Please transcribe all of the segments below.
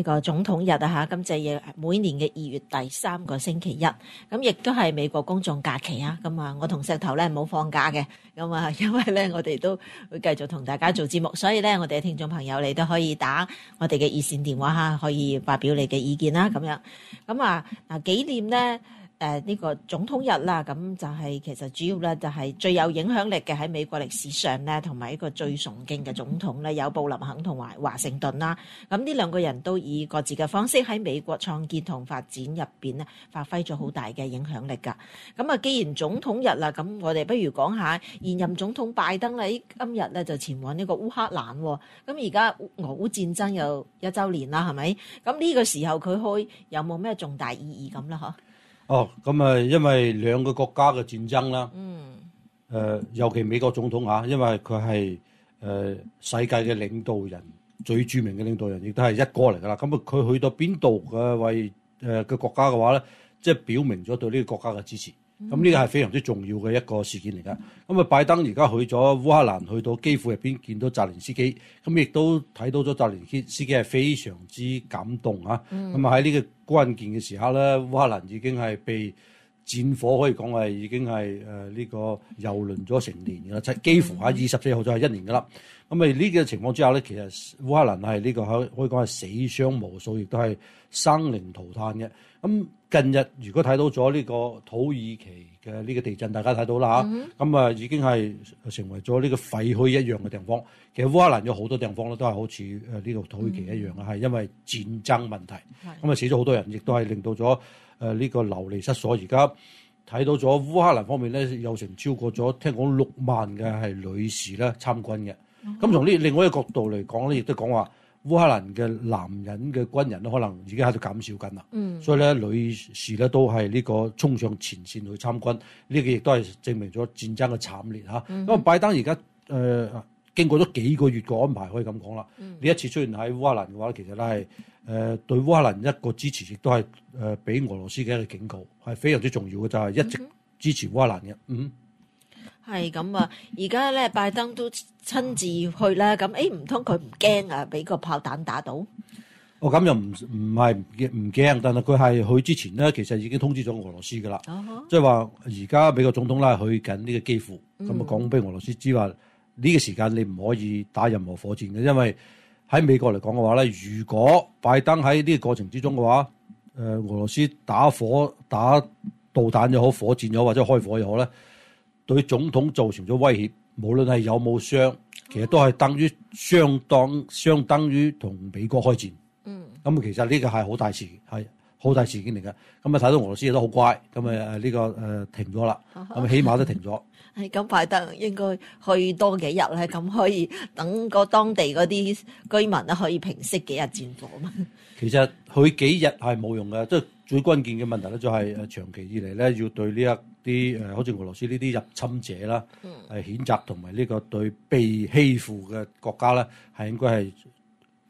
呢個總統日啊嚇，今次嘢每年嘅二月第三個星期一，咁亦都係美國公眾假期啊，咁啊，我同石頭咧冇放假嘅，咁啊，因為咧我哋都會繼續同大家做節目，所以咧我哋嘅聽眾朋友你都可以打我哋嘅熱線電話嚇，可以發表你嘅意見啦，咁樣，咁啊嗱紀念咧。誒呢個總統日啦，咁就係其實主要咧就係最有影響力嘅喺美國歷史上咧，同埋一個最崇敬嘅總統咧，有布林肯同埋華盛頓啦。咁呢兩個人都以各自嘅方式喺美國創建同發展入面咧，發揮咗好大嘅影響力噶。咁啊，既然總統日啦，咁我哋不如講下現任總統拜登喺今日咧就前往呢個烏克蘭喎。咁而家俄烏戰爭又一週年啦，係咪？咁呢個時候佢去有冇咩重大意義咁啦？嗬？哦，咁啊，因為兩個國家嘅戰爭啦，嗯，誒，尤其是美國總統吓，因為佢係誒世界嘅領導人，最著名嘅領導人亦都係一個嚟噶啦，咁啊，佢去到邊度嘅為誒嘅國家嘅話咧，即係表明咗對呢個國家嘅支持。咁呢個係非常之重要嘅一個事件嚟㗎。咁、嗯、啊，拜登而家去咗烏克蘭，去到機庫入邊見到澤連斯基，咁亦都睇到咗澤連斯基係非常之感動啊。咁啊喺呢個關鍵嘅時刻咧，烏克蘭已經係被。戰火可以講係已經係誒呢個遊輪咗成年㗎啦，即係幾乎喺二十四號就係一年㗎啦。咁誒呢個情況之下咧，其實烏克蘭係呢個可可以講係死傷無數，亦都係生靈塗炭嘅。咁近日如果睇到咗呢個土耳其嘅呢個地震，大家睇到啦嚇，咁啊、嗯嗯嗯、已經係成為咗呢個廢墟一樣嘅地方。其實烏克蘭有好多地方咧都係好似誒呢個土耳其一樣嘅，係、嗯嗯、因為戰爭問題，咁啊是的 死咗好多人，亦都係令到咗。誒呢、呃呢個流離失所，而家睇到咗烏克蘭方面咧，有成超過咗聽講六萬嘅係女士咧參軍嘅。咁、嗯、哼從呢另外一個角度嚟講咧，亦都講話烏克蘭嘅男人嘅軍人都可能已經喺度減少緊啦。嗯、所以咧，女士咧都係呢個衝上前線去參軍。呢、呢個亦都係證明咗戰爭嘅慘烈嚇。因為、嗯、哼拜登而家誒。呃經過咗幾個月嘅安排，可以咁講啦。呢、嗯、一次出現喺烏克蘭嘅話，其實咧係誒對烏克蘭一個支持，亦都係誒俾俄羅斯嘅一個警告，係非常之重要嘅，就係、是、一直支持烏克蘭嘅。嗯，係咁啊！而家咧，拜登都親自去啦。咁誒唔通佢唔驚啊？俾個炮彈打到？哦，咁又唔唔係唔驚，但係佢係去之前咧，其實已經通知咗俄羅斯噶啦。啊、哈即係話而家美國總統咧去緊呢個基輔。咁啊講俾俄羅斯知話。嗯呢個時間你唔可以打任何火箭嘅，因為喺美國嚟講嘅話咧，如果拜登喺呢個過程之中嘅話，誒、呃，俄羅斯打火打導彈又好，火箭又好，或者開火又好咧，對總統造成咗威脅，無論係有冇傷，其實都係等於相當相當於同美國開戰。嗯，咁、嗯、其實呢個係好大事，係好大事件嚟嘅。咁啊睇到俄羅斯亦都好乖，咁啊呢個誒、呃、停咗啦，咁、嗯、起碼都停咗。 係，咁快得，應該去多幾日咧，咁可以等個當地嗰啲居民咧可以平息幾日戰火啊嘛。其實去幾日係冇用嘅，即係最關鍵嘅問題咧就係誒長期以嚟咧要對呢一啲誒，好似俄羅斯呢啲入侵者啦，係、嗯、譴責同埋呢個對被欺負嘅國家咧，係應該係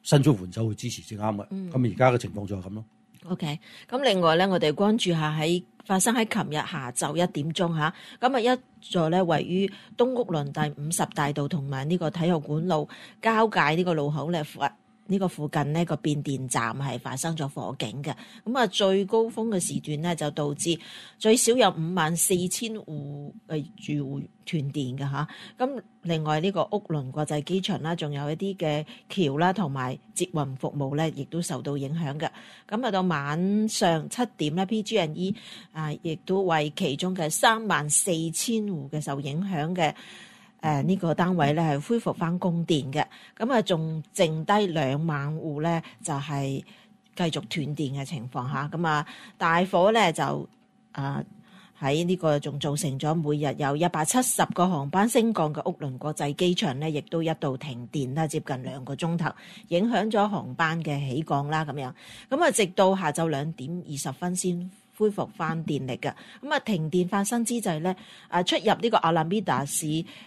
伸出援手去支持先啱嘅。咁而家嘅情況就係咁咯。O.K. 咁另外咧，我哋關注下喺發生喺琴日下晝一點鐘嚇，今日一座咧位於東屋崙第五十大道同埋呢個體育館路交界呢個路口咧，呢個附近呢個變電站係發生咗火警嘅，咁啊最高峰嘅時段咧就導致最少有五萬四千戶嘅住戶斷電嘅嚇，咁另外呢個屋崙國際機場啦，仲有一啲嘅橋啦，同埋捷運服務咧，亦都受到影響嘅。咁啊到晚上七點咧，PG&E 啊亦都為其中嘅三萬四千戶嘅受影響嘅。誒呢、呃這個單位咧係恢復翻供電嘅，咁啊仲剩低兩萬戶咧就係、是、繼續斷電嘅情況下，咁啊大火咧就啊喺呢個仲造成咗每日有一百七十個航班升降嘅屋崙國際機場咧，亦都一度停電啦，接近兩個鐘頭，影響咗航班嘅起降啦，咁、啊、樣，咁啊直到下晝兩點二十分先，恢復翻電力嘅，咁啊停電發生之際咧，啊出入呢個阿拉米達市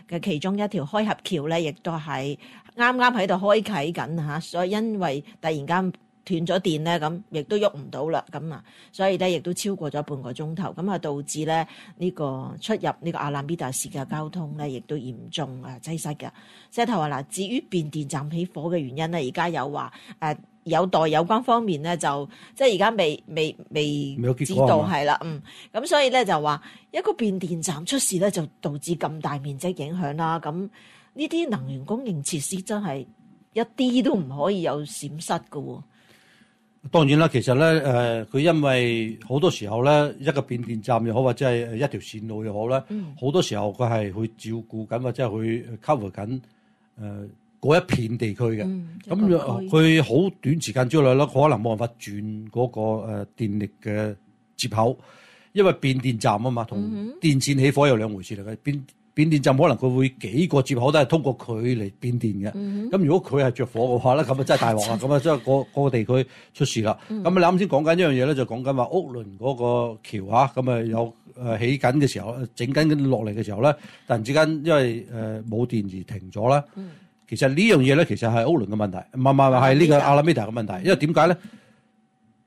嘅其中一條開合橋咧，亦都係啱啱喺度開啟緊吓，所以因為突然間。斷咗電咧，咁亦都喐唔到啦，咁啊，所以咧亦都超過咗半個鐘頭，咁啊，導致咧、這、呢個出入呢個阿蘭比達市嘅交通咧，亦都嚴重啊擠塞嘅。即頭話嗱，至於變電站起火嘅原因咧，而家有話誒、呃，有待有關方面咧，就即係而家未未未知道係啦，嗯，咁嗎所以咧就話一個變電站出事咧，就導致咁大面積影響啦。咁呢啲能源供應設施真係一啲都唔可以有閃失嘅喎。當然啦，其實咧，誒、呃、佢因為好多時候咧，一個變電站又好或者係一條線路又好咧，好、嗯、多時候佢係去照顧緊或者係去 cover 緊誒嗰一片地區嘅。咁佢好短時間之內咧，可能冇辦法轉嗰個誒電力嘅接口，因為變電站啊嘛，同電線起火有兩回事嚟嘅。嗯哼變電站可能佢會幾個接口都係通過佢嚟變電嘅，咁、嗯、如果佢係着火嘅話咧，咁啊真係大鑊啦咁啊，即係、嗰個、嗰個地區出事啦。咁啊、嗯，你啱先講緊一樣嘢咧，就講緊話屋倫嗰個橋啊，咁啊有誒起緊嘅時候，整緊落嚟嘅時候咧，突然之間因為誒冇電而停咗啦。嗯、其實呢樣嘢咧，其實係屋倫嘅問題，唔係、唔係、係呢個阿拉米達嘅問題，因為點解咧？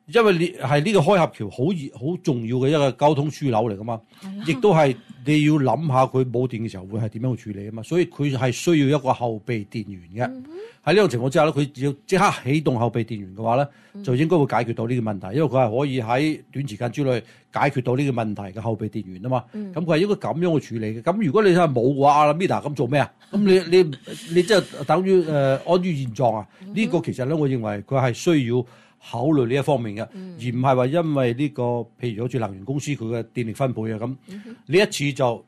因為你係呢個開合橋好好重要嘅一個交通樞紐嚟噶嘛，亦的都係你要諗下佢冇電嘅時候會係點樣去處理啊嘛，所以佢係需要一個後備電源嘅。喺呢、嗯、哼個情況之下咧，佢要即刻啟動後備電源嘅話咧，就應該會解決到呢個問題，因為佢係可以喺短時間之內解決到呢個問題嘅後備電源啊嘛。咁佢係應該咁樣去處理嘅。咁如果你真係冇嘅話，阿拉米達咁做咩啊？咁你你你即係等於誒安於現狀啊？呢、嗯、哼個其實咧，我認為佢係需要。考慮呢一方面嘅，而唔係話因為呢個，譬如好似能源公司佢嘅電力分配啊咁，呢一次就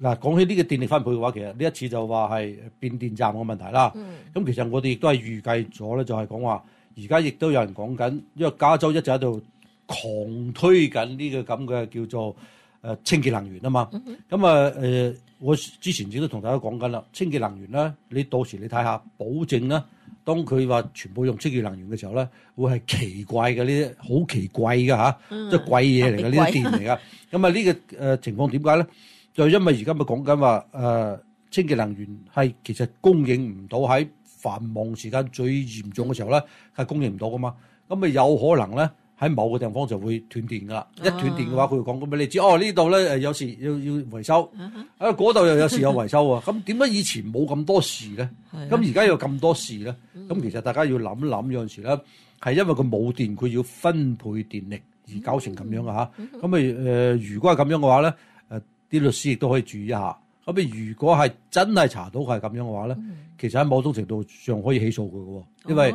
嗱講起呢個電力分配嘅話，其實呢一次就話係變電站嘅問題啦。咁、嗯、其實我哋亦都係預計咗咧，就係講話而家亦都有人講緊，因為加州一直喺度狂推緊呢個咁嘅叫做誒清潔能源啊嘛。咁啊誒，我之前亦都同大家講緊啦，清潔能源咧，你到時你睇下保證咧。當佢話全部用清潔能源嘅時候咧，會係奇怪嘅呢啲，好奇怪嘅嚇，嗯、即係貴嘢嚟嘅呢啲電嚟嘅。咁啊必貴，呢 個誒情況點解咧？就係、因為而家咪講緊話誒清潔能源係其實供應唔到喺繁忙時間最嚴重嘅時候咧，係供應唔到噶嘛。咁咪有可能咧？喺某個地方就會斷電噶啦，一斷電嘅話，佢就講咁俾你知，哦呢度咧誒有時要要維修，uh huh. 啊嗰度又有時有維修喎。咁點解以前冇咁多事咧？咁而家有咁多事咧？咁其實大家要諗諗有陣時咧，係因為佢冇電，佢要分配電力而搞成咁樣嘅嚇。咁咪誒？如果係咁樣嘅話咧，誒啲律師亦都可以注意一下。咁如果係真係查到佢係咁樣嘅話咧，其實喺某種程度上可以起訴佢嘅喎，因為。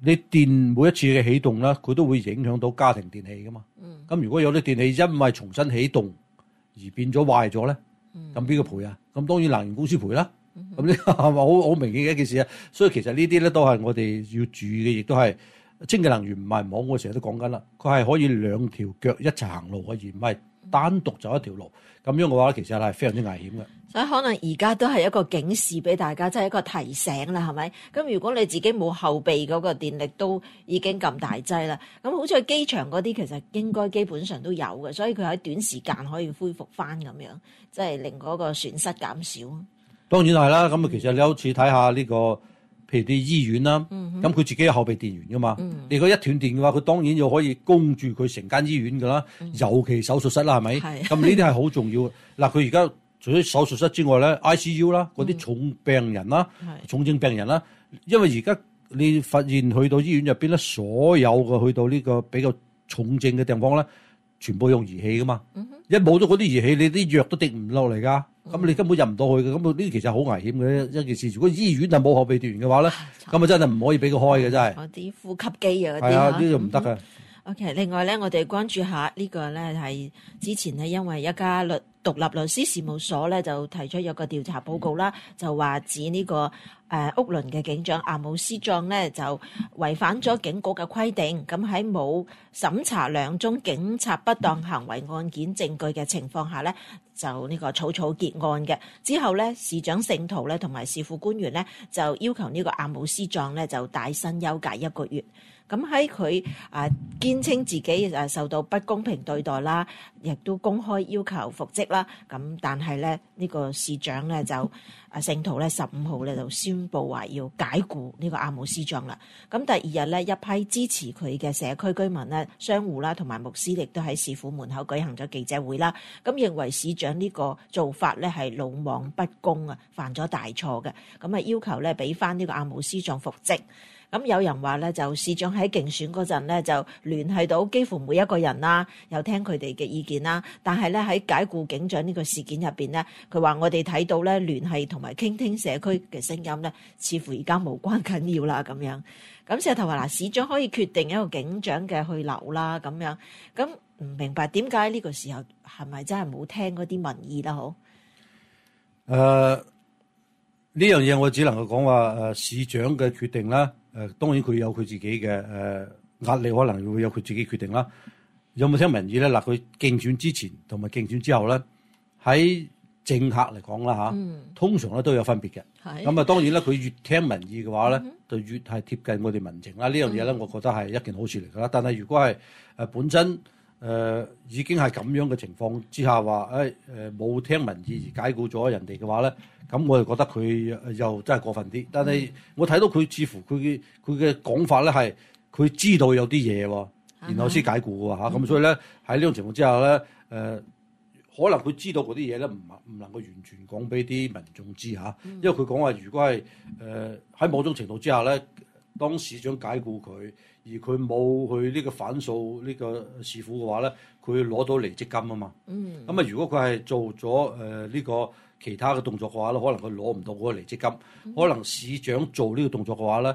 你電每一次嘅起動啦，佢都會影響到家庭電器噶嘛。咁如果有啲電器因為重新起動而變咗壞咗咧，咁邊個賠啊？咁當然能源公司賠啦。咁呢係咪好好明顯嘅一件事啊？所以其實呢啲咧都係我哋要注意嘅，亦都係清潔能源唔係冇，我成日都講緊啦。佢係可以兩條腳一齊行路可以，唔係。單獨走一條路，咁樣嘅話，其實係非常之危險嘅。所以可能而家都係一個警示俾大家，即係一個提醒啦，係咪？咁如果你自己冇後備嗰個電力，都已經咁大劑啦。咁好似機場嗰啲其實應該基本上都有嘅，所以佢喺短時間可以恢復翻咁樣，即係令嗰個損失減少。當然係啦，咁啊，其實你好似睇下呢、這個。譬如啲醫院啦，咁佢自己有後備電源噶嘛。你、嗯、哼如果一斷電嘅話，佢當然又可以供住佢成間醫院噶啦，嗯、哼尤其手術室啦，係咪？咁呢啲係好重要的。嗱，佢而家除咗手術室之外咧，ICU 啦，嗰啲重病人啦，嗯、哼重症病人啦，是因為而家你發現去到醫院入邊咧，所有嘅去到呢個比較重症嘅地方咧，全部用儀器噶嘛。一冇咗嗰啲儀器，你啲藥都滴唔落嚟㗎。咁、嗯、你根本入唔到去嘅，咁呢啲其實好危險嘅一件事。如果醫院後斷才對 就冇後備電嘅話咧，咁啊真係唔可以俾佢開嘅，對真係。啲呼吸機啊，啲啊，呢啲就唔得嘅。OK，另外咧，我哋關注一下這個呢個咧，係之前咧，因為一家律獨立律師事務所咧，就提出有個調查報告啦，就話指呢、這個誒、呃、屋崙嘅警長阿姆斯壯咧，就違反咗警局嘅規定，咁喺冇審查兩宗警察不當行為案件證據嘅情況下咧，就呢個草草結案嘅。之後咧，市長聖徒咧，同埋市府官員咧，就要求呢個阿姆斯壯咧，就帶薪休假一個月。咁喺佢啊，堅稱自己、啊、受到不公平對待啦，亦、啊、都公開要求復職啦。咁、啊、但係咧，呢個市長咧就啊聖徒咧十五號咧就宣布話要解雇呢個阿姆斯壯啦。咁、啊、第二日咧，一批支持佢嘅社區居民咧，商戶啦同埋牧師亦都喺市府門口舉行咗記者會啦。咁、啊、認為市長呢個做法咧係魯莽不公啊，犯咗大錯嘅。咁啊要求咧俾翻呢個阿姆斯壯復職。咁有人話咧就市長喺競選嗰陣咧就聯繫到幾乎每一個人啦，有聽佢哋嘅意見啦。但係咧喺解雇警長呢個事件入邊咧，佢話我哋睇到咧聯繫同埋傾聽社區嘅聲音咧，似乎而家無關緊要啦咁樣。咁石頭話嗱，市長可以決定一個警長嘅去留啦咁樣。咁唔明白點解呢個時候係咪真係冇聽嗰啲民意啦？好。誒、呃，呢樣嘢我只能夠講話誒，市長嘅決定啦。誒、呃、當然佢有佢自己嘅誒、呃、壓力，可能會有佢自己決定啦。有冇聽民意咧？嗱，佢競選之前同埋競選之後咧，喺政客嚟講啦嚇，啊嗯、通常咧都有分別嘅。咁啊的，當然咧，佢越聽民意嘅話咧，就、嗯嗯、越係貼近我哋民情啦。呢個、呢樣嘢咧，我覺得係一件好事嚟噶啦。但係如果係誒、呃、本身，誒、呃、已經係咁樣嘅情況之下，話誒誒冇聽民意而解雇咗人哋嘅話咧，咁我就覺得佢又真係過分啲。但係我睇到佢似乎佢佢嘅講法咧係佢知道有啲嘢，然後先解雇嘅喎。咁所以咧喺呢種情況之下咧，誒可能佢知道嗰啲嘢咧，唔唔能夠完全講俾啲民眾知嚇、啊。因為佢講話，如果係誒喺某種程度之下咧，當市長解雇佢。而佢冇去呢個反訴呢個市府嘅話咧，佢攞到離職金啊嘛。嗯。咁啊，如果佢係做咗誒呢個其他嘅動作嘅話咧，可能佢攞唔到嗰個離職金。嗯、可能市長做呢個動作嘅話咧，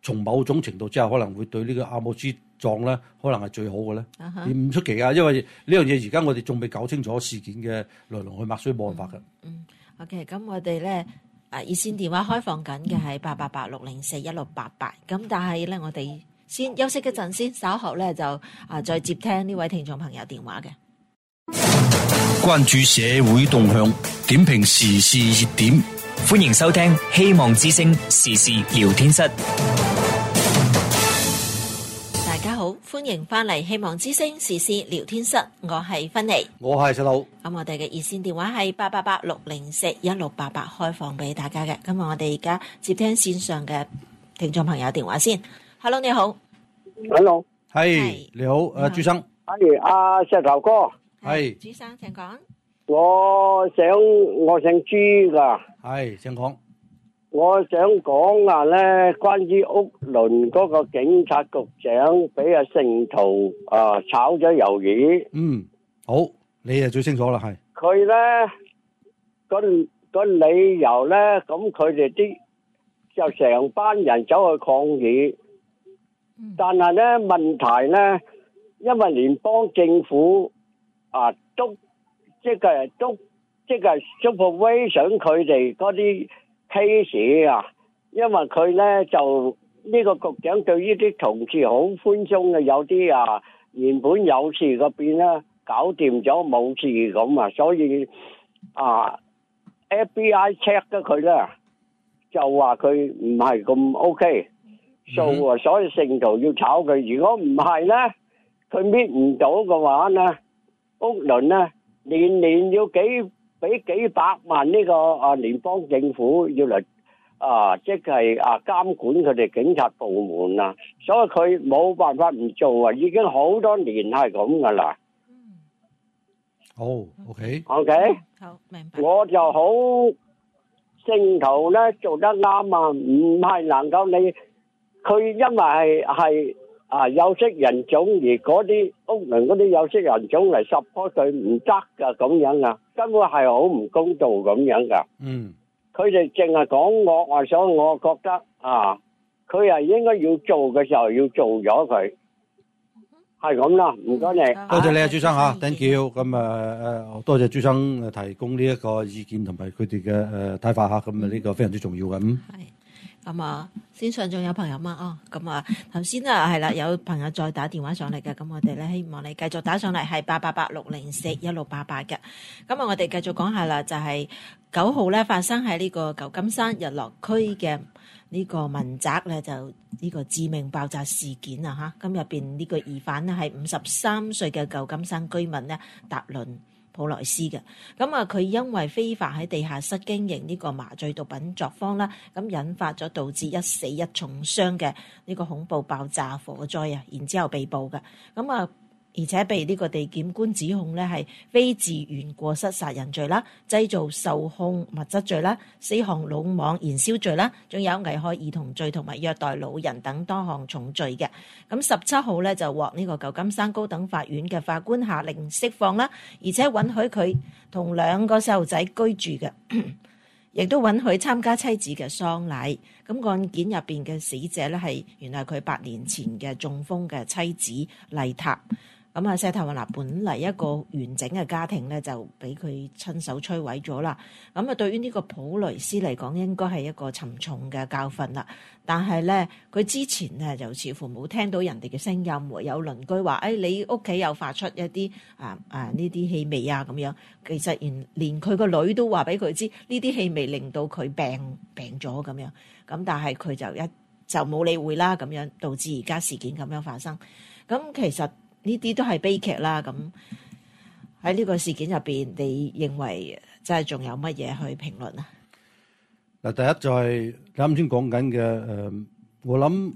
從某種程度之下可能會對呢個阿姆斯壯咧，可能係最好嘅咧。啊唔出奇啊，因為呢樣嘢而家我哋仲未搞清楚事件嘅來龍去脈的，所以冇辦法嘅。嗯，OK，咁我哋咧。嗯啊！熱線電話開放緊嘅係八八八六零四一六八八，咁但係咧，我哋先休息一陣先，稍後咧就啊再接聽呢位聽眾朋友電話嘅。關注社會動向，點評時事熱點，歡迎收聽《希望之聲》時事聊天室。歡迎翻嚟《希望之星》時事聊天室，我係芬妮，我係石佬。咁我哋嘅熱線電話係八八八六零四一六八八，開放俾大家嘅。今日我哋而家接聽線上嘅聽眾朋友電話先。Hello，你好。Hello，係你好，朱 Hey.、啊、生。係阿、啊、石頭哥，係朱生，請講。我想我姓朱噶，係、hey, 請講。我想講啊，咧關於屋崙嗰個警察局長俾阿聖陶啊炒咗魷魚。嗯，好，你啊最清楚啦，係佢咧，個個理由咧，咁佢哋啲就成班人走去抗議，但係咧問題咧，因為聯邦政府啊督，即係督，即係督迫威上佢哋嗰啲。case 啊，因為佢咧就呢個局長對呢啲同事好寬鬆嘅，有啲啊原本有事嗰邊咧搞掂咗冇事咁啊，所以啊，F B I check 咗佢咧，就話佢唔係咁 O K 做啊，所以聖淘要炒佢。如果唔係咧，佢搣唔到嘅話咧，屋崙咧年年要幾。俾幾百萬呢個啊聯邦政府要嚟啊，即係啊監管佢哋警察部門啊，所以佢冇辦法唔做啊，已經好多年係咁噶啦。好，OK，OK，好明白。我就好，正途咧做得啱啊，唔係能夠你佢因為係係。啊！有色人種而嗰啲屋崙嗰啲有色人種嚟，十樖樹唔得噶咁樣啊，根本係好唔公道咁樣噶。嗯，佢哋淨係講我話，所以我覺得啊，佢係應該要做嘅時候要做咗佢，係咁啦。唔該你，多謝你啊，朱生嚇 thank you 咁啊誒，多謝朱生提供呢一個意見同埋佢哋嘅誒睇法嚇，咁啊呢個非常之重要嘅嗯。咁、嗯、啊，先上仲有朋友嘛？哦，咁、嗯、啊，頭先啊係啦，啊，有朋友再打電話上嚟嘅。咁我哋咧希望你繼續打上嚟，係八八八六零四一六八八嘅。咁啊，我哋繼續講下啦，就係九號咧發生喺呢個舊金山日落區嘅呢個民宅咧，就呢個致命爆炸事件啊！吓，咁入邊呢個疑犯咧係五十三歲嘅舊金山居民咧達倫、達倫普萊斯嘅，咁啊佢因為非法喺地下室經營呢個麻醉毒品作坊啦，咁引發咗導致一死一重傷嘅呢個恐怖爆炸火災啊，然之後被捕嘅，咁啊。而且被呢個地檢官指控呢係非自願過失殺人罪啦、製造受控物質罪啦、四項魯莽燃燒罪啦，仲有危害兒童罪同埋虐待老人等多項重罪嘅。咁十七號呢，就獲呢個舊金山高等法院嘅法官下令釋放啦，而且允許佢同兩個細路仔居住嘅，亦都允許參加妻子嘅喪禮。咁案件入邊嘅死者呢，係原來佢八年前嘅中風嘅妻子麗塔。咁啊！石頭話：嗱，本嚟一個完整嘅家庭咧，就俾佢親手摧毀咗啦。咁啊，對於呢個普雷斯嚟講，應該係一個沉重嘅教訓啦。但係咧，佢之前咧就似乎冇聽到人哋嘅聲音，有鄰居話：誒、哎，你屋企又發出一啲啊啊呢啲氣味啊咁樣。其實連連佢個女都話俾佢知，呢啲氣味令到佢病病咗咁樣。咁但係佢就一就冇理會啦，咁樣導致而家事件咁樣發生。咁其實。呢啲都係悲劇啦！咁喺呢個事件入邊，你認為即係仲有乜嘢去評論啊？嗱，第一就係你啱先講緊嘅，誒，我諗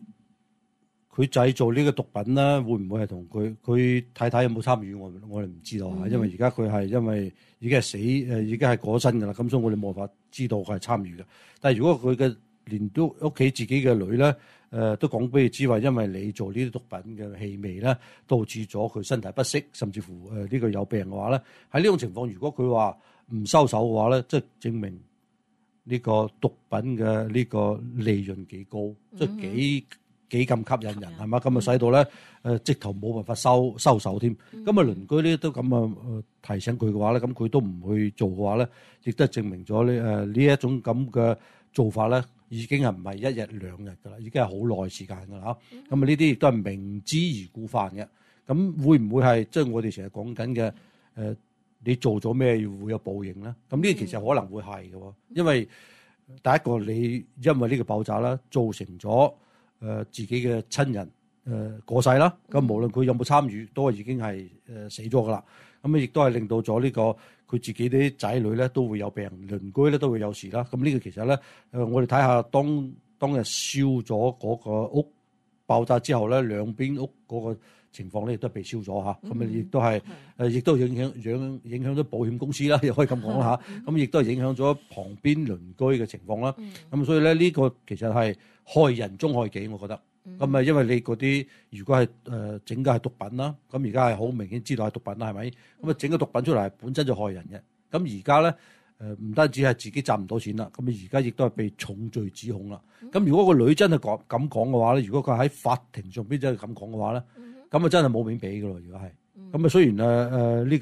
佢製造呢個毒品咧，會唔會係同佢佢太太有冇參與？我我哋唔知道啊，嗯、因為而家佢係因為已經係死誒，已經係過身噶啦，咁所以我哋冇法知道佢係參與嘅。但係如果佢嘅連都屋企自己嘅女咧？誒都講俾你知，話因為你做呢啲毒品嘅氣味咧，導致咗佢身體不適，甚至乎誒呢個有病嘅話咧，喺呢種情況，如果佢話唔收手嘅話咧，即係證明呢個毒品嘅呢個利潤幾高，即係幾幾咁吸引人係嘛？咁啊，使到咧誒直頭冇辦法收收手添。咁啊，鄰居咧都咁啊提醒佢嘅話咧，咁佢都唔去做嘅話咧，亦都係證明咗呢誒呢一種咁嘅做法咧。已經係唔係一日兩日噶啦？已經係好耐時間噶啦嚇。咁啊、嗯哼，呢啲亦都係明知而故犯嘅。咁會唔會係即係我哋成日講緊嘅？誒、呃，你做咗咩會有報應咧？咁呢啲其實可能會係嘅，嗯、因為第一個你因為呢個爆炸啦，造成咗誒、呃、自己嘅親人誒、呃、過世啦。咁無論佢有冇參與，都已經係誒、呃、死咗噶啦。咁啊，亦、嗯、都係令到咗、這、呢個佢自己啲仔女咧都會有病，鄰居咧都會有事啦。咁、嗯、呢、這個其實咧，誒、呃，我哋睇下當當日燒咗嗰個屋爆炸之後咧，兩邊屋嗰個情況咧亦都被燒咗嚇。咁、嗯、啊，亦、嗯、都係誒，亦的都影響影影響咗保險公司啦，又可以咁講嚇。咁亦、 嗯、都係影響咗旁邊鄰居嘅情況啦。咁、嗯嗯、所以咧，呢、這個其實係。害人終害己，我覺得咁啊，嗯、哼因為你嗰啲如果係誒、呃、整嘅係毒品啦，咁而家係好明顯知道係毒品啦，係咪？咁啊、嗯哼，整個毒品出嚟本身就害人嘅。咁而家咧誒，唔、呃、單止係自己賺唔到錢啦，咁啊而家亦都係被重罪指控啦。咁、嗯、哼如果個女真係講咁講嘅話咧，如果佢喺法庭上邊真係咁講嘅話咧，咁啊、嗯、哼真係冇面俾嘅咯。如果係咁啊，嗯、哼雖然誒誒呢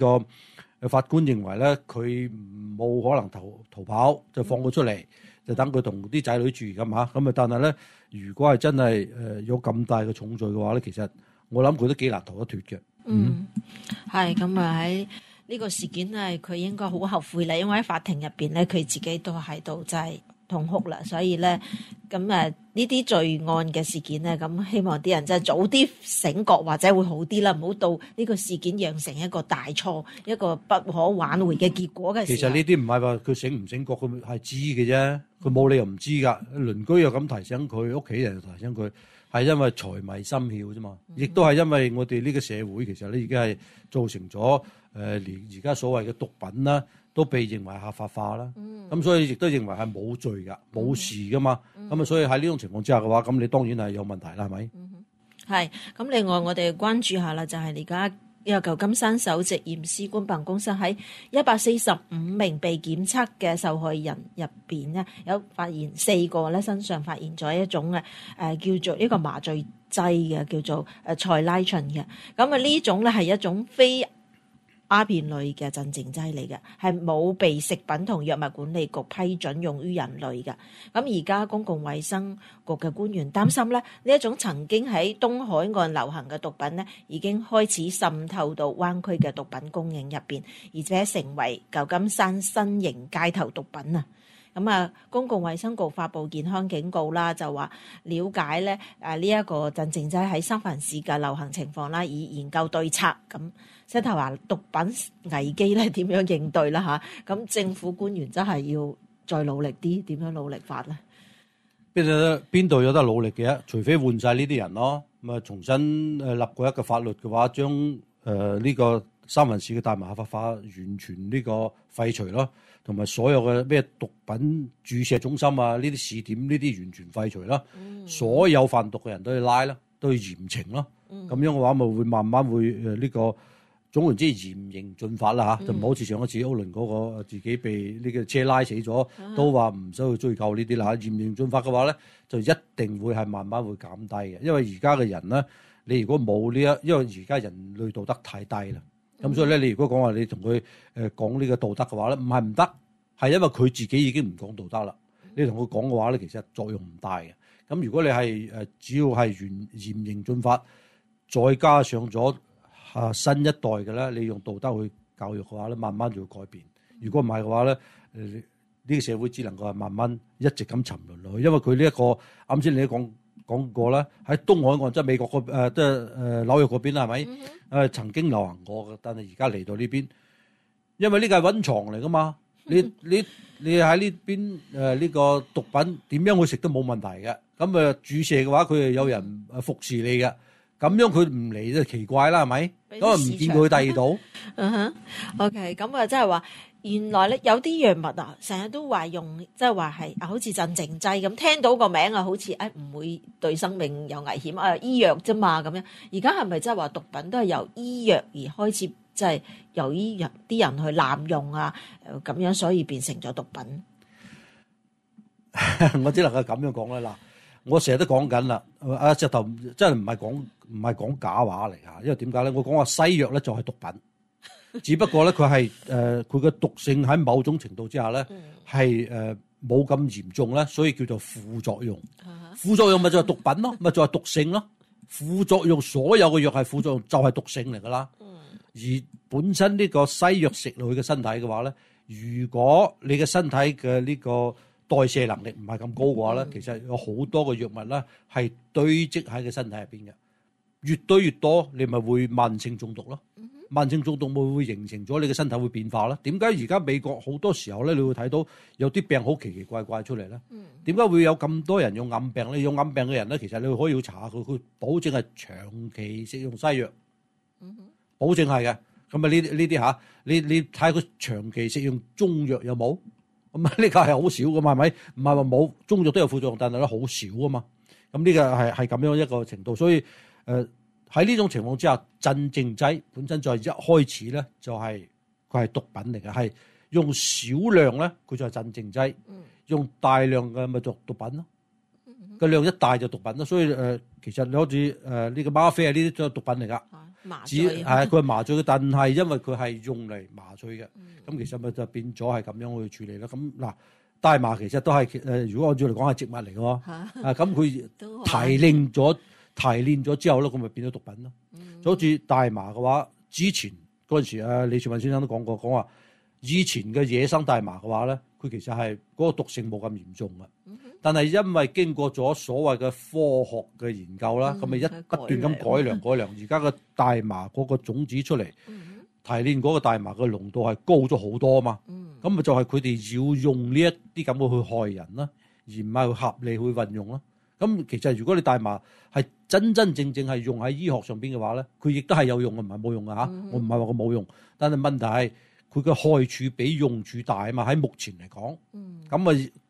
個法官認為咧，佢冇可能逃逃跑，就放佢出嚟。嗯就等佢同啲仔女住㗎嘛。咁啊！但係咧，如果係真係誒有咁大嘅重罪嘅話咧，其實我諗佢都幾難逃得脫嘅。嗯，係咁啊！喺呢個事件咧，佢應該好後悔啦，因為喺法庭入邊咧，佢自己都喺度即係。就是痛哭啦，所以咧咁誒呢啲罪案嘅事件咧，咁希望啲人真係早啲醒覺，或者會好啲啦，唔好到呢個事件釀成一個大錯，一個不可挽回嘅結果嘅。其實呢啲唔係話佢醒唔醒覺他是的，佢係知嘅啫，佢冇理由唔知噶。鄰居又咁提醒佢，屋企人又提醒佢，係因為財迷心竅啫嘛。亦都係因為我哋呢個社會，其實咧已經係造成咗誒，連而家所謂嘅毒品啦，都被認為是合法化啦，咁、嗯、所以亦都認為係冇罪嘅、冇、嗯、事噶嘛，咁啊、嗯，所以喺呢種情況之下嘅話，咁你當然係有問題啦，係咪？係，咁另外我哋關注下啦，就係而家由舊金山首席驗屍官辦公室喺一百四十五名被檢測嘅受害人入邊咧，有發現四個咧身上發現咗一種嘅誒叫做呢個麻醉劑嘅，叫做誒賽拉醇嘅，咁啊呢種咧係一種非鴉片類嘅鎮靜劑嚟嘅，係冇被食品同藥物管理局批准用於人類嘅。咁而家公共衛生局嘅官員擔心咧，呢一種曾經喺東海岸流行嘅毒品咧，已經開始滲透到灣區嘅毒品供應入邊，而且成為舊金山新型街頭毒品啊。咁啊，公共衛生局發布健康警告啦，就話了解咧誒呢一個鎮靜劑喺三藩市嘅流行情況啦，以研究對策咁。即係話毒品危機咧，點樣應對啦？吓咁，政府官員真係要再努力啲，點樣努力法咧？邊度有得努力嘅？除非換晒呢啲人咯，咁啊重新誒立過一個法律嘅話，將誒呢個三藩市嘅大麻合法化，完全呢個廢除咯，同埋所有嘅咩毒品注射中心啊，呢啲試點呢啲完全廢除咯，嗯、所有販毒嘅人都要拉啦，都要嚴懲咯。咁、嗯、樣嘅話，咪會慢慢會誒、這、呢個。總言之，嚴刑峻法啦嚇，嗯、就唔好似上一次屋崙嗰個自己被呢個車拉死咗，嗯、都話唔使去追究呢啲啦嚇。嚴刑峻法嘅話咧，就一定會係慢慢會減低嘅，因為而家嘅人咧，你如果冇呢一，因為而家人類道德太低啦，咁、嗯、所以咧，你如果你、呃、講話你同佢誒講呢個道德嘅話咧，唔係唔得，係因為佢自己已經唔講道德啦。你同佢講嘅話咧，其實作用唔大嘅。咁如果你係誒、呃，只要係嚴嚴刑峻法，再加上咗。啊，新一代嘅咧，你用道德去教育嘅話咧，慢慢就會改變。如果唔係嘅話咧，誒、呃、呢、呢個社會只能夠係慢慢一直咁沉淪落去。因為佢呢一個，啱先你講講過啦，喺東海岸即係美國嗰誒，即係誒紐約嗰邊啦，係咪？誒、嗯哼呃、曾經流行過嘅，但係而家嚟到呢邊，因為呢個係溫床嚟噶嘛。你你你喺呢邊誒呢、呃呢個毒品點樣去食都冇問題嘅。咁誒注射嘅話，佢係有人服侍你嘅。咁樣佢唔嚟就奇怪啦，係咪？都係唔見佢第二度。嗯哼、 uh huh，OK，咁啊，即係話原來咧有啲藥物啊，成日都話用，即係話係啊，好似鎮靜劑咁，聽到個名啊，好似誒唔會對生命有危險啊，醫藥啫嘛咁樣。而家係咪即係話毒品都係由醫藥而開始，即係由啲人啲人去濫用啊，咁樣所以變成咗毒品。 我只能夠咁樣講啦嗱。 我成日都講緊啦，阿石頭真係唔係講唔係講假話嚟噶，因為點解咧？我講話西藥咧就係毒品， 只不過咧佢係誒佢嘅毒性喺某種程度之下咧係誒冇咁嚴重咧，所以叫做副作用。副作用咪就係毒品咯，咪就係、是、毒性咯。副作用所有嘅藥係副作用就係、是、毒性嚟噶啦。而本身呢個西藥食落去嘅身體嘅話咧，如果你嘅身體嘅呢、這個。代謝能力唔係咁高嘅話咧，嗯、其實有好多個藥物咧係堆積喺佢身體入邊嘅，越堆越多，你咪會慢性中毒咯。慢性中毒會唔會形成咗你嘅身體會變化咧。點解而家美國好多時候咧，你會睇到有啲病好奇奇怪怪出嚟咧？點解會有咁多人用暗病咧？用暗病嘅人咧，其實你可以查下佢，佢保證係長期食用西藥，保證係嘅。咁啊呢呢啲吓？你你睇佢長期食用中藥有冇？咁呢 個係好少噶，係咪？唔係話冇，中藥都有副作用，但係咧好少啊嘛。咁、嗯、呢、呢個係係咁樣一個程度，所以誒喺呢種情況之下鎮靜劑本身就係一開始咧就係佢係毒品嚟嘅，係用少量咧佢就係鎮靜劑，嗯、用大量嘅咪做毒品咯。個、嗯、哼量一大就毒品咯，所以誒、呃、其實你好似誒呢個嗎啡呢啲都係毒品嚟㗎。止係佢係麻醉嘅，但係因為佢係用嚟麻醉嘅，咁、嗯、其實咪就變咗係咁樣去處理咯。咁嗱，大麻其實都係誒，如果按照嚟講係植物嚟嘅喎，咁佢、啊啊、提煉咗，提煉咗之後咧，佢咪變咗毒品咯。嗯、就好似大麻嘅話，之前嗰陣時啊，李兆敏先生都講過，講話以前嘅野生大麻嘅話咧，佢其實係嗰個毒性冇咁嚴重啊。嗯但係因為經過咗所謂嘅科學嘅研究啦，咁咪、嗯、一不斷咁改良改良，而家個大麻個種子出嚟，嗯、提煉嗰個大麻嘅濃度係高咗好多嘛。咁咪、嗯、就係佢哋要用呢一啲咁嘅去害人啦，而唔係去合理去運用咯。咁其實如果你大麻係真真正正係用喺醫學上邊嘅話咧，佢亦都係有用嘅，唔係冇用嘅嚇。嗯、我唔係話佢冇用，但係問題係佢嘅害處比用處大啊嘛。喺目前嚟講，咁咪、嗯。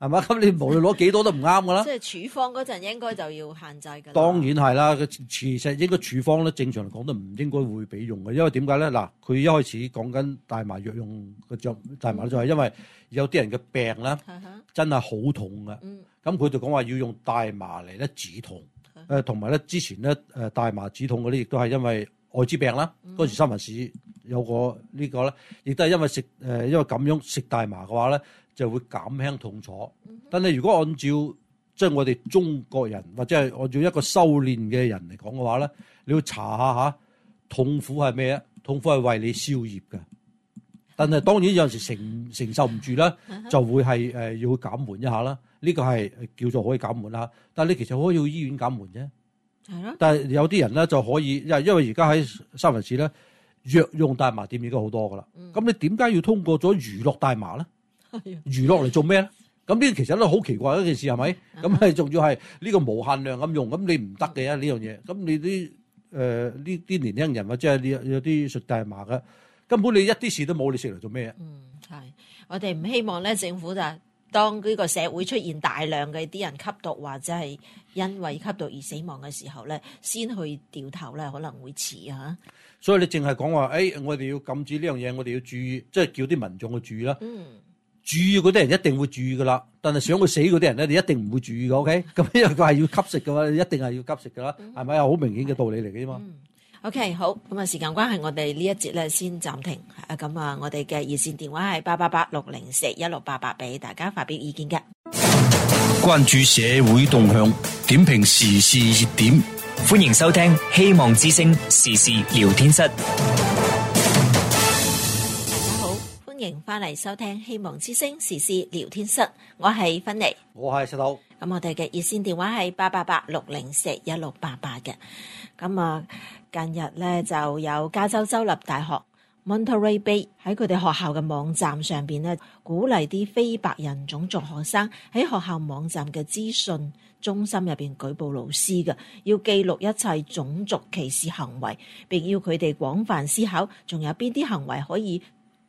係嘛？咁 你無論攞幾多都唔啱噶啦。 即係處方嗰陣應該就要限制嘅。當然係啦，其實應該處方咧，正常嚟講都唔應該會俾用嘅，因為點解咧？嗱，佢一開始講緊大麻藥用嘅作用，大麻咧就係因為有啲人嘅病啦，真係好痛嘅。咁佢就講話要用大麻嚟咧止痛。誒，同埋咧，之前咧，誒大麻止痛嗰啲亦都係因為艾滋病啦。嗰時三藩市有個呢、呢個咧，亦都係因為食誒，因為咁樣食大麻嘅話咧。就會減輕痛楚，但係如果按照即係、就是、我哋中國人或者係按照一個修煉嘅人嚟講嘅話咧，你要查下吓痛苦係咩咧？痛苦係為你消業嘅。但係當然有陣時承承受唔住咧，就會係誒、呃、要去減緩一下啦。呢、這個係叫做可以減緩啦。但係你其實可以去醫院減緩啫，係咯的。但係有啲人咧就可以，因為因為而家喺三藩市咧藥用大麻店已經好多㗎喇。咁你點解要通過咗娛樂大麻咧？娛樂嚟做咩咧？咁呢，其實都好奇怪一件事，係咪？咁係、uh，仲、huh. 要係呢個無限量咁用，咁你唔得嘅啊呢樣嘢。咁你啲誒呢啲年輕人或者係有有啲食大麻嘅，根本你一啲事都冇，你食嚟做咩啊？嗯，係，我哋唔希望咧，政府就當呢個社會出現大量嘅啲人吸毒，或者係因為吸毒而死亡嘅時候咧，先去掉頭咧，可能會遲吓。嗯、所以你淨係講話，誒、哎，我哋要禁止呢樣嘢，我哋要注意，即、就、係、是、叫啲民眾去注意啦。嗯。注意嗰啲人一定會注意噶啦，但係想佢死嗰啲人咧，你一定唔會注意嘅。OK，咁因為佢係要吸食嘅嘛，一定係要吸食噶啦，係咪啊？有好明顯嘅道理嚟嘅嘛。OK，好，咁啊，時間關係，我哋呢一節咧先暫停。啊，咁啊，我哋嘅熱線電話係八八八六零四一六八八，俾大家發表意見嘅。關注社會動向，點評時事熱點，歡迎收聽《希望之聲》時事聊天室。歡迎翻嚟收聽《希望之聲》時事聊天室，我係芬妮，我係石導。咁我哋嘅熱線電話係八八八六零四一六八八嘅。咁啊，近日咧就有加州州立大學 Monterey Bay 喺佢哋學校嘅網站上邊咧，鼓勵啲非白人種族學生喺學校網站嘅資訊中心入邊舉報老師嘅，要記錄一切種族歧視行為，並要佢哋廣泛思考，仲有邊啲行為可以。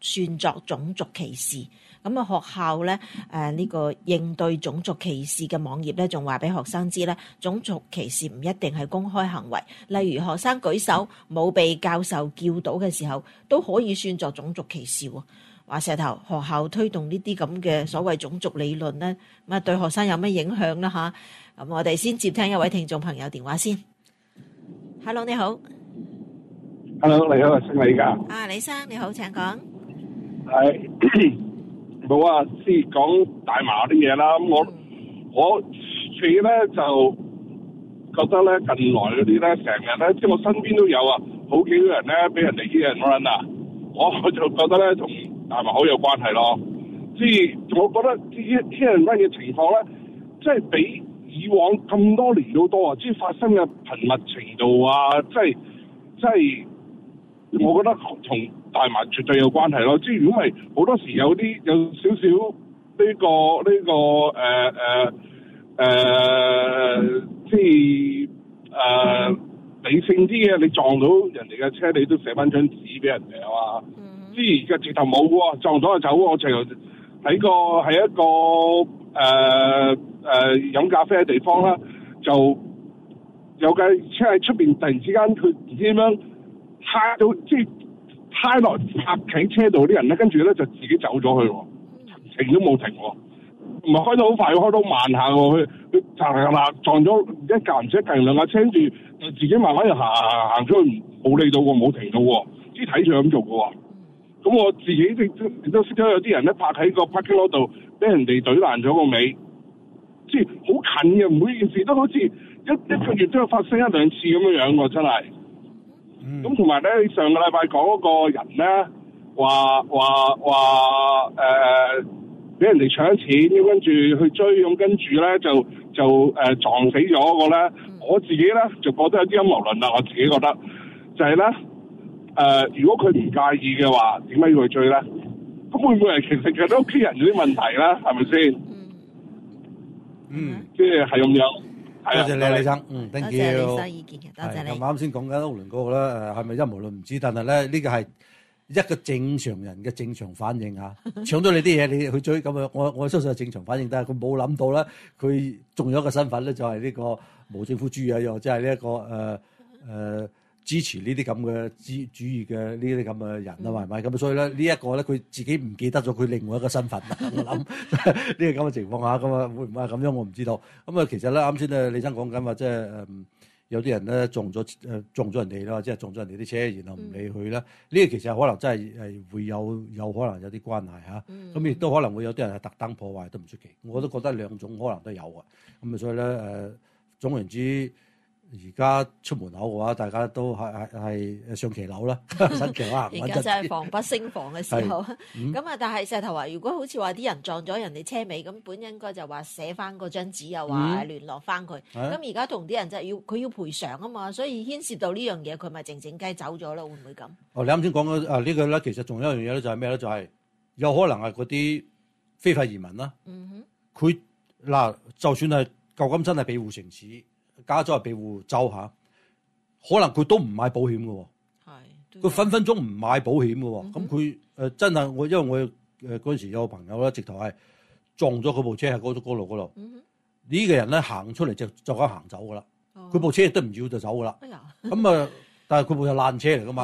算作種族歧視咁啊！學校呢，誒、啊，呢、這個應對種族歧視嘅網頁呢，仲話俾學生知呢，種族歧視唔一定係公開行為，例如學生舉手冇被教授叫到嘅時候，都可以算作種族歧視。話晒頭，學校推動呢啲咁嘅所謂種族理論呢，咁啊對學生有咩影響呢？吓咁，我哋先接聽一位聽眾朋友電話先。Hello，你好。Hello，你好，我姓李噶。啊，李生你好，請講。係冇、哎、啊，先講大麻啲嘢啦。咁我我佢咧就覺得咧，近來嗰啲咧，成日咧，即係我身邊都有啊，好幾個人咧俾人 hit and run 啊，我我就覺得咧，同大麻好有關係咯。即係我覺得 hit and run 嘅情況咧，即係比以往咁多年都多啊。即係發生嘅頻密程度啊，即係即係，我覺得從。大埋絕對有關係咯。即係如果係好多時有啲有少少呢個呢個誒誒誒，即係誒理性啲嘅，你撞到人哋嘅車，你都寫翻張紙俾人哋話。嘛、嗯呃呃，即係嘅直頭冇喎，撞咗就走，我直頭喺個喺一個誒誒飲咖啡嘅地方啦，就有架車喺出邊，突然之間佢唔知點樣嚇到即係。差落泊喺車度啲人咧，跟住咧就自己走咗去喎，停都冇停喎，唔係開得好快，開到慢下喎，佢啦，啦，撞咗一架唔知一嚿兩架車住，就自己慢慢行行行出去，冇理到喎，冇停到喎，啲睇住咁做嘅喎，咁我自己都都都識得有啲人咧，泊喺個 parking lot 度，俾人哋懟爛咗個尾，即係好近嘅，唔每件事都好似一一個月都有發生一兩次咁嘅樣喎，真係。咁同埋咧，你上個禮拜講嗰個人咧，話話話誒，俾、呃、人哋搶錢咁，要跟住去追，咁跟住咧就就誒、呃、撞死咗個咧。嗯、我自己咧就覺得有啲陰謀論啦，我自己覺得就係咧誒，如果佢唔介意嘅話，點解要去追咧？咁會唔會係其實其實都屋企人有啲問題咧？係咪先？嗯，即係係咁樣。多謝李生，嗯，丁兆。多謝醫生意見，多謝你。咁啱先講緊屋崙嗰個啦，誒，係咪一無論唔知，但係咧呢個係一個正常人嘅正常反應嚇、啊。 搶到你啲嘢，你去追咁樣，我我相信係正常反應，但係佢冇諗到咧，佢仲有一個身份咧，就係呢個無政府主義又即係呢一個誒誒。呃呃支持呢啲咁嘅主主義嘅呢啲咁嘅人啊，係咪咁？所以咧呢一個咧，佢自己唔記得咗佢另外一個身份，嗯、我諗呢個咁嘅情況下，咁啊會唔會係咁樣？我唔知道。咁啊，其實咧啱先咧，李生講緊話，即係有啲人咧撞咗誒撞咗人哋啦，即係撞咗人哋啲車，然後唔理佢啦。呢、嗯、個其實可能真係誒會有有可能有啲關係嚇。咁亦都可能會有啲人係特登破壞都唔出奇。我都覺得兩種可能都有嘅。咁啊，所以咧誒、呃、總言之。而家出門口嘅話，大家都係係係上期樓啦，新期樓啊，而家就係防不勝防嘅時候。咁啊， 嗯、但係石頭話、啊：如果好似話啲人撞咗人哋車尾，咁本應該就話寫翻嗰張紙，又話聯絡翻佢。咁而家同啲人就係要佢要賠償啊嘛，所以牽涉到呢樣嘢，佢咪靜靜雞走咗咯？會唔會咁？哦，你啱先講嘅啊、這個、呢個咧，其實仲有一樣嘢咧，就係咩咧？就係有可能係嗰啲非法移民啦。嗯哼，佢嗱，就算係舊金真係庇護城市。加州係庇護州嚇，可能佢都唔買保險嘅。係，佢分分鐘唔買保險嘅。咁佢誒真係我，因為我誒嗰陣時有個朋友咧，直頭係撞咗佢部車喺高速公路嗰度。呢個人咧，行出嚟就就咁行走嘅啦。佢部車亦都唔要就走嘅啦。咁啊、哎呦， 但係佢部係爛車嚟嘅嘛。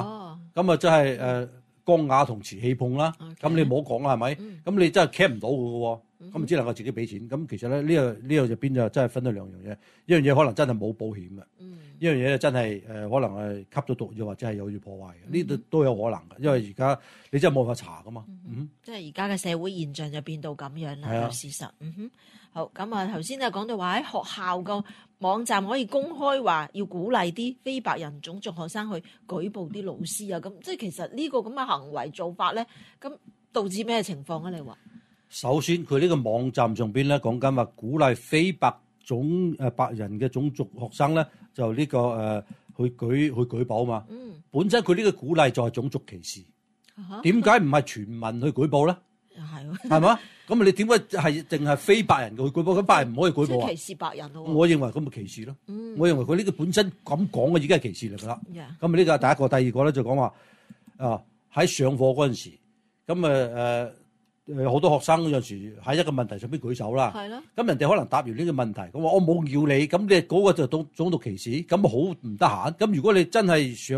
咁啊、哦，真係誒缸瓦同瓷器碰啦。咁、嗯、你唔好講啦，係咪？咁、嗯、你真係 care 唔到佢喎。咁只能夠自己俾錢，咁其實咧呢個呢個入邊就真係分咗兩樣嘢，一樣嘢可能真係冇保險嘅，嗯、一樣嘢真係、呃、可能係吸咗毒，又或者係有住破壞嘅，呢度、嗯、哼都有可能嘅，因為而家你真係冇法查噶嘛。嗯哼，嗯哼即係而家嘅社會現象就變到咁樣啦，啊、事實。嗯哼，好，咁啊頭先就講到話喺學校個網站可以公開話要鼓勵啲非白人種族學生去舉報啲老師啊，咁即係其實呢個咁嘅行為做法咧，咁導致咩情況啊？你話？首先佢呢個網站上邊咧，講緊話鼓勵非白種誒白人嘅種族學生咧，就呢、這個誒、呃、去舉去舉報嘛。嗯。本身佢呢個鼓勵就係種族歧視。吓、啊哈。點解唔係全民去舉報咧？又係。 係嘛？咁你點解係淨係非白人嘅去舉報？佢白人唔可以舉報、啊。即係歧視白人咯。我認為咁咪歧視咯。嗯、我認為佢呢個本身咁講嘅已經係歧視嚟噶啦。嘅。咁啊呢個係第一個，第二個咧就講話，啊、呃、喺上課嗰陣時，咁啊誒。呃誒好多學生有陣時喺一個問題上邊舉手啦，咁的人哋可能答完呢個問題，咁話我我冇要你，咁你嗰個就種族歧視，咁好唔得閒。咁如果你真係想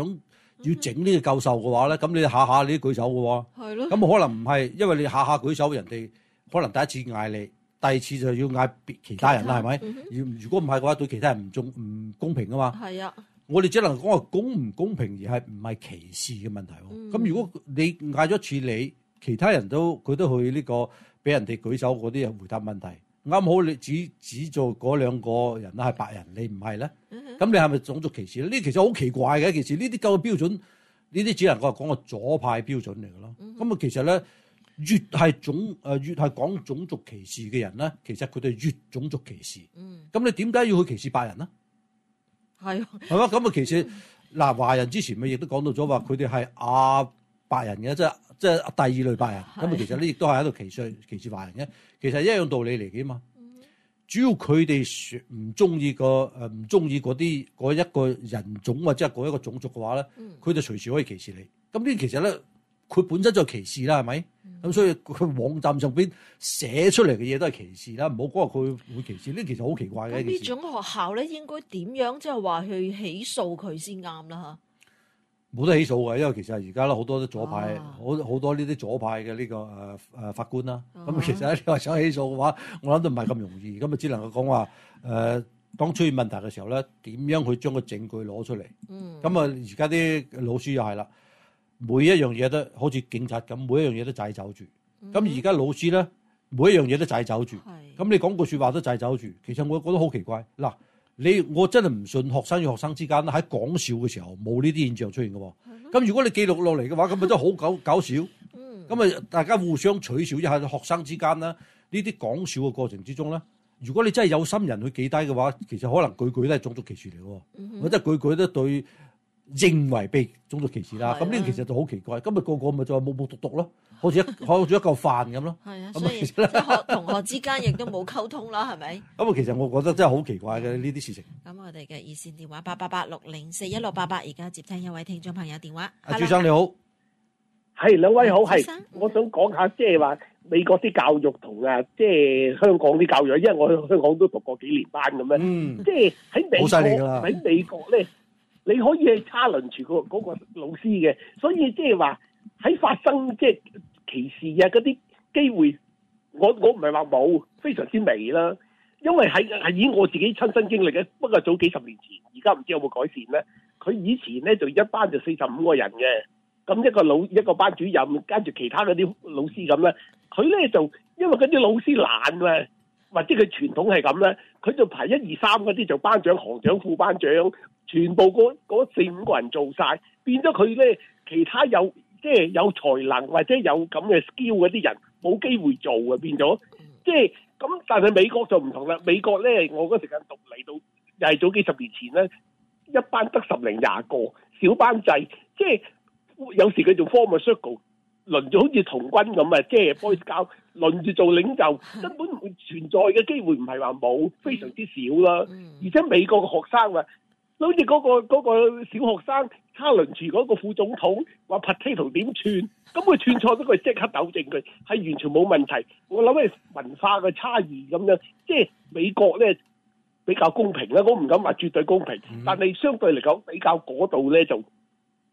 要整呢個教授嘅話咧，咁你下下你都舉手嘅喎，咁的可能唔係，因為你下下舉手，人哋可能第一次嗌你，第二次就要嗌別其他人啦，係咪？如如果唔係嘅話，對其他人唔公唔公平吖嘛。係啊的，我哋只能講係公唔公平而係唔係歧視嘅問題。咁、嗯、如果你嗌咗一次你。其他人都佢都去呢個俾人哋舉手嗰啲人回答問題，啱好你只只做嗰兩個人啦，係白人，你唔係咧，咁、嗯、哼你係咪種族歧視咧？呢其實好奇怪嘅一件事，呢啲夠標準，呢啲只能講講個左派標準嚟嘅咯。咁啊、嗯哼，其實咧越係種誒越係講種族歧視嘅人咧，其實佢哋越種族歧視。咁、嗯、你點解要去歧視白人咧？係係嘛咁啊？其實嗱，嗯嗯、華人之前咪亦都講到咗話、啊，佢哋係亞白人嘅啫。即係第二類白人，咁的其實呢亦都係喺度歧視歧視白人嘅。其實一樣道理嚟嘅嘛。嗯、主要佢哋唔中意個誒唔中意嗰啲一個人種或者係嗰一個種族嘅話咧，佢、嗯、就隨時可以歧視你。咁呢其實咧，佢本身就歧視啦，係咪？咁、嗯、所以佢網站上邊寫出嚟嘅嘢都係歧視啦。唔好講話佢會歧視，呢其實好奇怪嘅一呢種學校咧，應該點樣即係話去起訴佢先啱啦嚇？冇得起訴嘅，因為其實而家咧好多啲左派，好好、啊、多呢啲左派嘅呢個誒誒法官啦。咁、啊、其實你話想起訴嘅話，我諗都唔係咁容易。咁啊、嗯，就只能夠講話誒，當出現問題嘅時候咧，點樣去將個證據攞出嚟？咁啊、嗯，而家啲老師又係啦，每一樣嘢都好似警察咁，每一樣嘢都仔走住。咁、嗯、而家老師咧，每一樣嘢都仔走住。咁、嗯、你講句説話都仔走住，的其實我覺得好奇怪嗱。你我真係唔信學生與學生之間咧，喺講笑嘅時候冇呢啲現象出現嘅喎、啊，咁如果你記錄落嚟嘅話，咁咪真係好搞搞笑。咁咪、 嗯、大家互相取笑一下學生之間啦，呢啲講笑嘅過程之中咧，如果你真係有心人去記低嘅話，其實可能句句都係種族歧視嚟嘅喎，我真係句句都對認為被種族歧視啦。咁呢個 其實就好奇怪，咁咪個個咪就話冇冇讀讀咯。好似一好似一嚿飯咁咯，係啊，所以一學同學之間亦都冇溝通啦，係咪？咁啊，其實我覺得真係好奇怪嘅呢啲事情。咁我哋嘅熱線電話八八八六零四一六八八，而家接聽一位聽眾朋友電話。阿朱生你好，係兩位好，係。我想講下即係話美國啲教育同啊，即係香港啲教育，因為我喺香港都讀過幾年班咁咧。嗯，即係喺美國好犀利㗎喇，喺美國咧，你可以係叉輪住個嗰個老師嘅，所以即係話喺發生即。歧視啊！嗰啲機會，我我唔係話冇，非常之微啦。因為係係以我自己親身經歷嘅，不過早幾十年前，而家唔知有冇改善咧。佢以前咧就一班就四十五個人嘅，咁一個老一個班主任，跟住其他嗰啲老師咁咧，佢咧就因為嗰啲老師懶嘛，或者佢傳統係咁咧，佢就排一二三嗰啲就班長、行長、副班長，全部嗰四五個人做晒，變咗佢咧其他有。即係有才能或者有咁嘅 skill 嗰啲人，冇機會做嘅變咗。即係咁，但係美國就唔同啦。美國咧，我嗰陣時讀嚟到又係早幾十年前啦，一班得十零廿個小班制，即係有時佢做 formal circle，輪住好似童軍咁啊，即係 boy scout 輪住做領袖，根本唔會存在嘅機會唔係話冇，非常之少啦。而且美國嘅學生啊。好似嗰個、嗰個小學生，哈林治嗰個副總統話 potato 點串，咁佢串錯咗佢即刻糾正佢，係完全冇問題。我諗係文化嘅差異咁樣，即係美國咧比較公平啦，我唔敢話絕對公平，但係相對嚟講比較嗰度咧就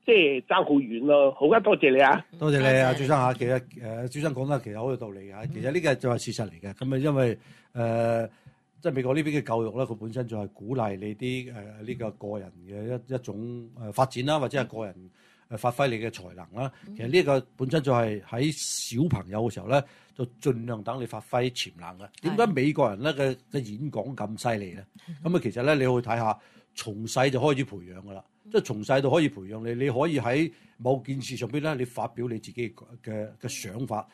即係爭好遠咯。好啊，多謝你啊，多謝你啊，朱生啊，其實誒，朱生講得其實好有道理啊。其實呢個就係事實嚟嘅，咁啊，因為誒。呃即係美國呢邊嘅教育咧，佢本身就係鼓勵你啲誒呢個個人嘅一一種誒發展啦，或者係個人誒發揮你嘅才能啦。嗯、其實呢個本身就係喺小朋友嘅時候咧，就盡量等你發揮潛能嘅。點解美國人咧嘅嘅演講咁犀利咧？咁啊、嗯，其實咧你去可以睇下，從細就開始培養噶啦，即係、嗯、從細就可以培養你，你可以喺某件事上邊咧，你發表你自己嘅嘅想法。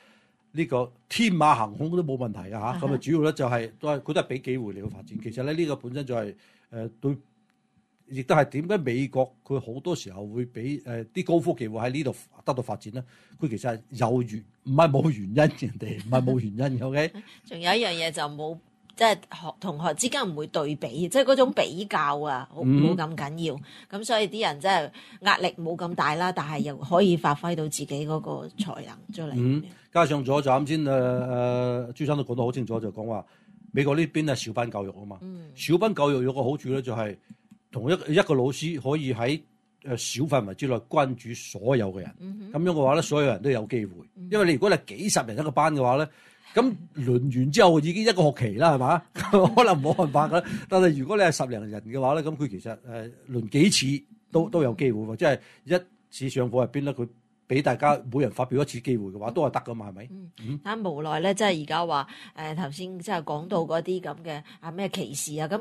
呢個天馬行空都冇問題啊！嚇，咁啊主要咧就係都係佢都係俾機會你去發展。其實咧呢個本身就係誒對，亦都係點解美國佢好多時候會俾誒啲高科技會喺呢度得到發展咧？佢其實係有原，唔係冇原因，人哋唔係冇原因嘅。OK，仲有一樣嘢就冇。即係學同學之間唔會對比，即係嗰種比較啊，冇咁緊要。咁、嗯、所以啲人真係壓力冇咁大啦，但係又可以發揮到自己嗰個才能出嚟。嗯，加上咗就啱先誒誒、呃、朱生都講得好清楚，就講話美國呢邊係小班教育啊嘛。嗯、小班教育有個好處咧，就係同一一個老師可以喺誒小範圍之內關注所有嘅人。咁、嗯、哼樣嘅話咧，所有人都有機會。因為你如果你幾十人一個班嘅話咧。咁輪完之後已經一個學期啦，係嘛？ 可能冇辦法噶啦。但係如果你係十零人嘅話咧，咁佢其實誒輪幾次都都有機會，即係一次上課入邊咧，佢俾大家每人發表一次機會嘅話，都係得噶嘛，係咪？嗯，啊無奈咧，即係而家話誒頭先即係講到嗰啲咁嘅啊咩歧視啊，咁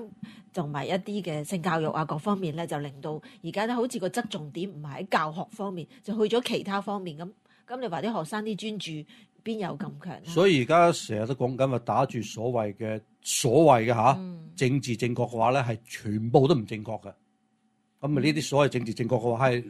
同埋一啲嘅性教育啊各方面咧，就令到而家咧好似個側重點唔係喺教學方面，就去咗其他方面咁。咁你話啲學生啲專注？邊有咁強？所以而家成日都講緊話打住所謂嘅所謂嘅吓政治正確嘅話咧，係全部都唔正確嘅。咁啊呢啲所謂政治正確嘅話係誒、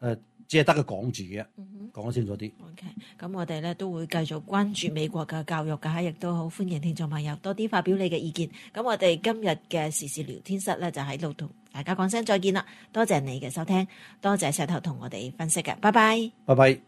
呃、只係、嗯、哼得個講字嘅，講清楚啲。OK，咁我哋咧都會繼續關注美國嘅教育嘅吓，亦都好歡迎聽眾朋友多啲發表你嘅意見。咁我哋今日嘅時事聊天室咧就喺度同大家講聲再見啦，多謝你嘅收聽，多謝石頭同我哋分析嘅，拜拜，拜拜。